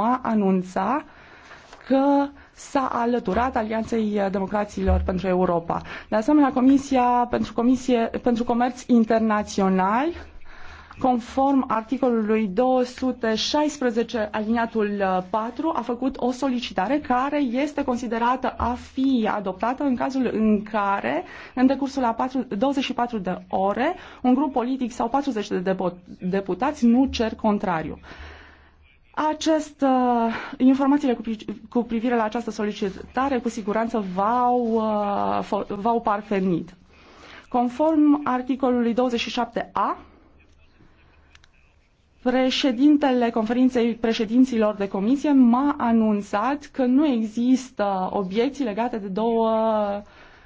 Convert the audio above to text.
Obama anunța că s-a alăturat Alianței Democraților pentru Europa. De asemenea, Comisia pentru, Comisie, pentru Comerț Internațional, conform articolului 216 aliniatul 4, uh, a făcut o solicitare care este considerată a fi adoptată în cazul în care, în decursul a 4, 24 de ore, un grup politic sau 40 de deputați nu cer contrariu. Acest, uh, informațiile cu, cu privire la această solicitare cu siguranță v-au, uh, v-au parvenit. Conform articolului 27a, președintele conferinței președinților de comisie m-a anunțat că nu există obiecții legate de două